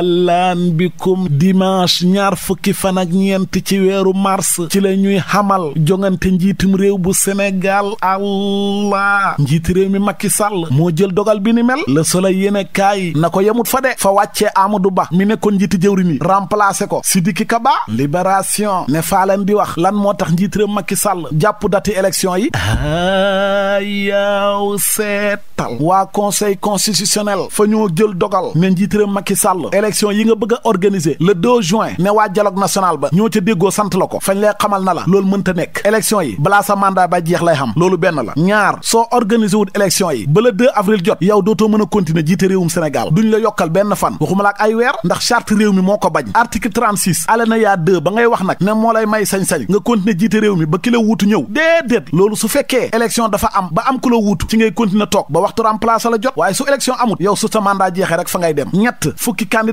ahlan bikum dimanche ñaar fukki fan ak ñeent ci weeru mars ci la ñuy xamal jongante njiitum réew bu Sénégal allah njiiti réew mi Macky Sall moo jël dogal bi ni mel Le Soleil yéene kaay na ko yemut fa de fa wàccee Amadou Ba mi nekkoon njiiti jëwriñ yi remplacé ko Sidiki Kaba libération ne faa leen di wax lan moo tax njiiti makki Macky Sall jàpp dati élection yi ayaw seetal waa conseil constitutionnel fa ñoo jël dogal ne njiiti réew Macky élection yi nga bëgg a organiser le 2 ne waa dialogue national ba ñoo ca déggoo sant la ko fañ lay xamal na la loolu mënta nekk élection yi balaa sa mandat ba jeex lay xam loolu la ñaar soo organiser wut élection yi ba mën a continuer jiite réewum Sénégal duñ la yokkal benn fan waxuma la ak ay weer ndax charte réew mi moo ko bañ article 36 alinéa 2 ba ngay wax nag ne moo lay may sañ-sañ nga continuer jiite réew mi ba ki wuutu ñëw déedéet loolu su fekkee élection dafa am ba am ku la wuutu ci ngay continuer toog ba waxtu remplacer la jot waaye su élection amut yow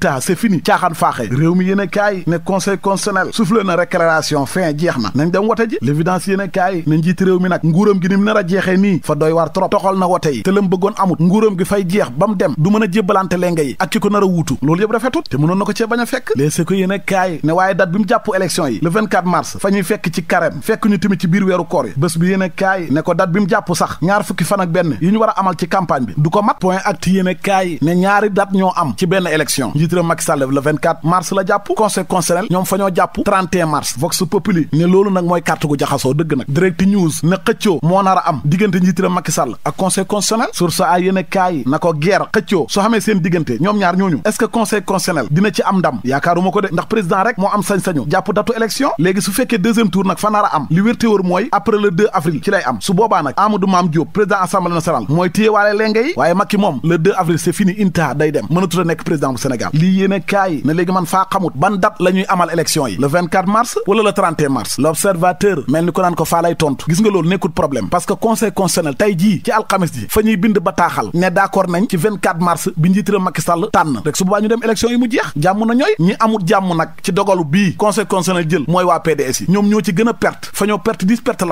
toll fini caaxaan faaxee réew mi yéen a kaay ne conseil constitutionnel soufflé na récréation fin jeex na ne njiit réew mi nag nguuram gi ni mu nar a jeexee nii fa doy war trop toxal na wote yi te lam bëggoon amut nguuram gi fay jeex ba mu dem du mën a jébbalante lenga yi ak ki ko nar a wuutu loolu yëpp rafetut te mënoon na ko cee bañ fekk léeg ko yéen kaay ne waaye date bi mu jàpp élection yi le 24 fa ñuy fekk ci carême fekk ñu tamit ci biir am élection njiitëram Macky mars la jàpp conseil constitutionnel ñoom fa ñoo jàpp 31 mars vox populi ne loolu nag mooy carte gu jaxasoo dëgg nag direct news ne xëccoo moo nar a am diggante njiitëram Macky Sall ak conseil sur sa ay yéen na ko guerre xëccoo soo xamee seen diggante ñoom ñaar ñooñu est-ce que dina ci am ndam yaakaaruma ko de ndax président rek moo am sañ-sañu jàpp datu élection léegi su fekkee deuxième tour nag fa nar Sénégal lii yéen a kaay na léegi man faa xamut ban date la amal élection yi le mars wala le mars l' mel ni ko naan ko faa lay tontu gis nga loolu nekkul problème parce que conseil constitutionnel tey jii ci alxamis ji fa ñuy bind bataaxal ne d' nañ ci mars bi njiit réew tànn rek su ñu dem élection yi mu jeex jàmm na ñooy ñi amul jàmm nag ci dogalu bii conseil constitutionnel jël mooy waa PDS yi ñoom ñoo ci gën a perte fa ñoo perte dix perte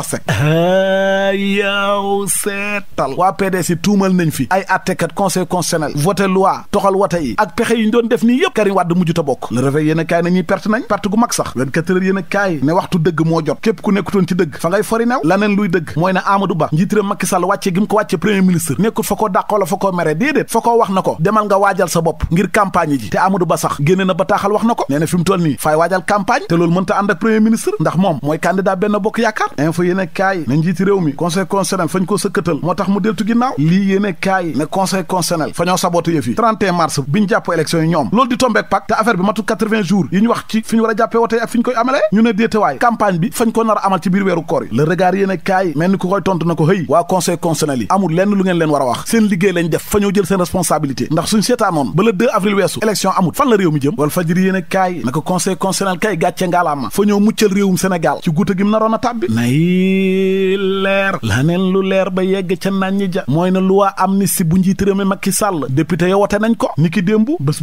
ñu doon def nii yëpp Karim Wade mujj ta bokk le réveil yéen a kaay nañuy perte nañ perte gu mag sax 24 a kaay ne waxtu dëgg moo jot képp ku nekkutoon ci dëgg fa ngay fori new laneen luy dëgg mooy ne Amadou Ba njiitiram Macky wàcce gi ko wàcce premier ministre nekkul fa koo dàqoo fa koo mere déedéet fa koo wax na ko demal nga waajal sa bopp ngir campagne ji te Amadou Ba sax génne na bataaxal wax na ko nee na fi mu toll nii faay waajal campagne te loolu mënta ànd ak premier ministre ndax moom mooy candidat benn bokk yaakaar info yéen a moo tax mu deltu ginnaaw lii ne conseil constitutionnel fa ñoo saboote yëf yi 31 mars biñ jàpp élection yi di tombeek pak te affaire bi matul 80 yi ñu wax ci fi ñu war a jàppee wote ak fi ñu koy amalee ñu ne déetewaay campagne bi fañ ko nar a amal ci biir weeru koor yi le regard yéen kaay mel ni ku koy tontu na ko hëy waa conseil constitutionnel yi amul lenn lu ngeen leen war a wax seen liggéey lañ def fa ñoo jël seen responsabilité ndax suñ seetaanoon ba le 2 avril weesu élection amul fan la réew mi jëm wala fa ñoo muccal réewum Sénégal ci guuta gim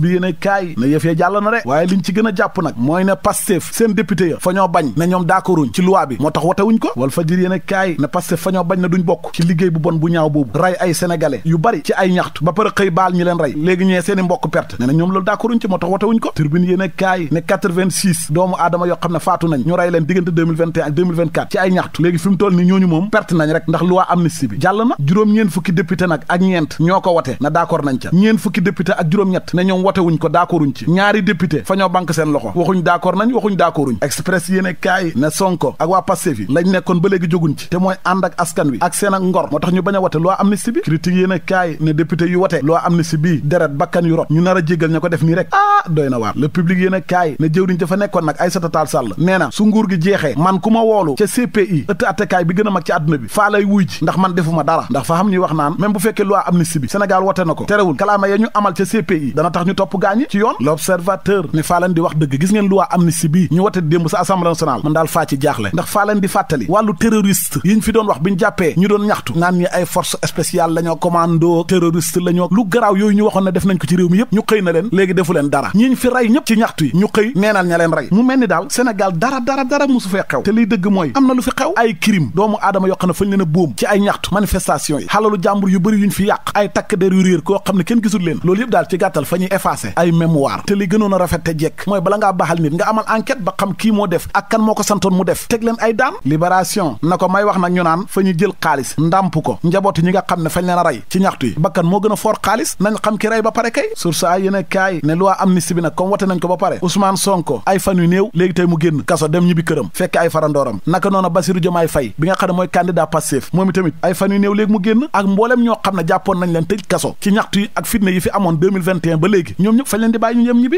bi yéen a kaay na yëf ya jàll na rek waaye liñ ci a ne ñoom d'accorduñ ci loi moo tax wotewuñ ko a kaay ne Pastef fa ñoo bañ ne duñ bokk ci liggéey ba pare xëy baal i mbokk perte ne na ñoom loolu ko turbine yéen a kaay ne 86 doomu aadama yoo xam ne faatu nañ ñu rey leen diggante 2021 ak 2024 ci ay ñaxtu léegi fi mu moom perte nañ rek ndax loi amnistie bi jàll na juróom ñeen fukki député nag ak ñeent ñoo ko wote na d'accord nañ ca ñeen fukki député ak juróom ñett ne ñoom ñoom wotewuñ ko d'accorduñ ci ñaari député fa ñoo bank seen loxo waxuñ d'accord nañ waxuñ d'accorduñ express yéene kaay ne Sonko ak waa Pastef yi lañ nekkoon ba léegi jóguñ ci te mooy ànd ak askan wi ak seen ngor moo tax ñu bañ a wote loi amnistie bi critique yéene kaay ne député yu wote loi amnistie bi deret bakkan yu rot ñu nar a jégal ña ko def nii rek ah doy na waar le public yéene kaay ne jëwriñ ca fa nekkoon nag Aïssata Tall Sall nee na su nguur gi jeexee ku ma woolu ca a mag ci àdduna bi faa lay wuy ci ndax na ko terewul kalaama ya ñu amal ca CPI dana ñu topp gaañi ci yoon l'observateur ne faa di wax dëgg gis ngeen loi amnistie bii ñu wote démb sa assemblée nationale man daal faa ci jaaxle ndax faa di fàttali wàllu terroriste yi ñu fi doon wax bi ñu jàppee ñu doon ñaxtu naan ñi ay force spéciale la ñoo commando terroriste lu garaaw yooyu ñu waxoon ne def nañ ko ci réew mi yëpp ñu xëy na leen léegi defu leen dara ñi fi rey ñëpp ci ñaxtu yi ñu xëy neenal ña leen rey mu mel daal Sénégal dara effacé ay mémoire te li gënoon a rafet te jekk mooy bala ngaa baaxal nit nga amal enquête ba xam kii moo def ak kan moo ko santoon mu def teg leen ay daan libération na ko may wax nag ñu naan fa ñu jël xaalis ndàmp ko njabooti ñi nga xam ne fañ leen a rey ci ñaxtu yi bakkan moo gën a foor xaalis nañ xam ki rey ba pare kay sur sa kaay ne loi amnistie bi nag comme wote nañ ko ba pare Ousmane Sonko ay fan yu néew léegi tey mu génn kaso dem ñibbi nga xam ne mooy candidat Pastef moom itamit ñoom ñëpp fañ leen di bàyyi ñu yem ñibbi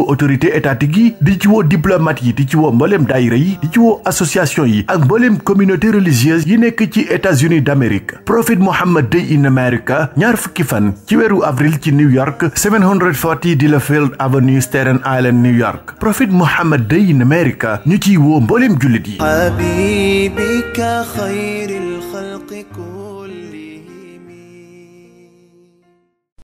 woo autorité étatique yi yi di ci woo mbooleem daayira ci woo association yi ak mbooleem communauté religieuse yi nekk ci États-Unis d'Amérique Prophet Muhammad Day in America ñaar fukki fan ci weeru avril ci New York 740 Avenue Staten Island New York Prophet Muhammad Day in America ñu ciy woo mbooleem jullit yi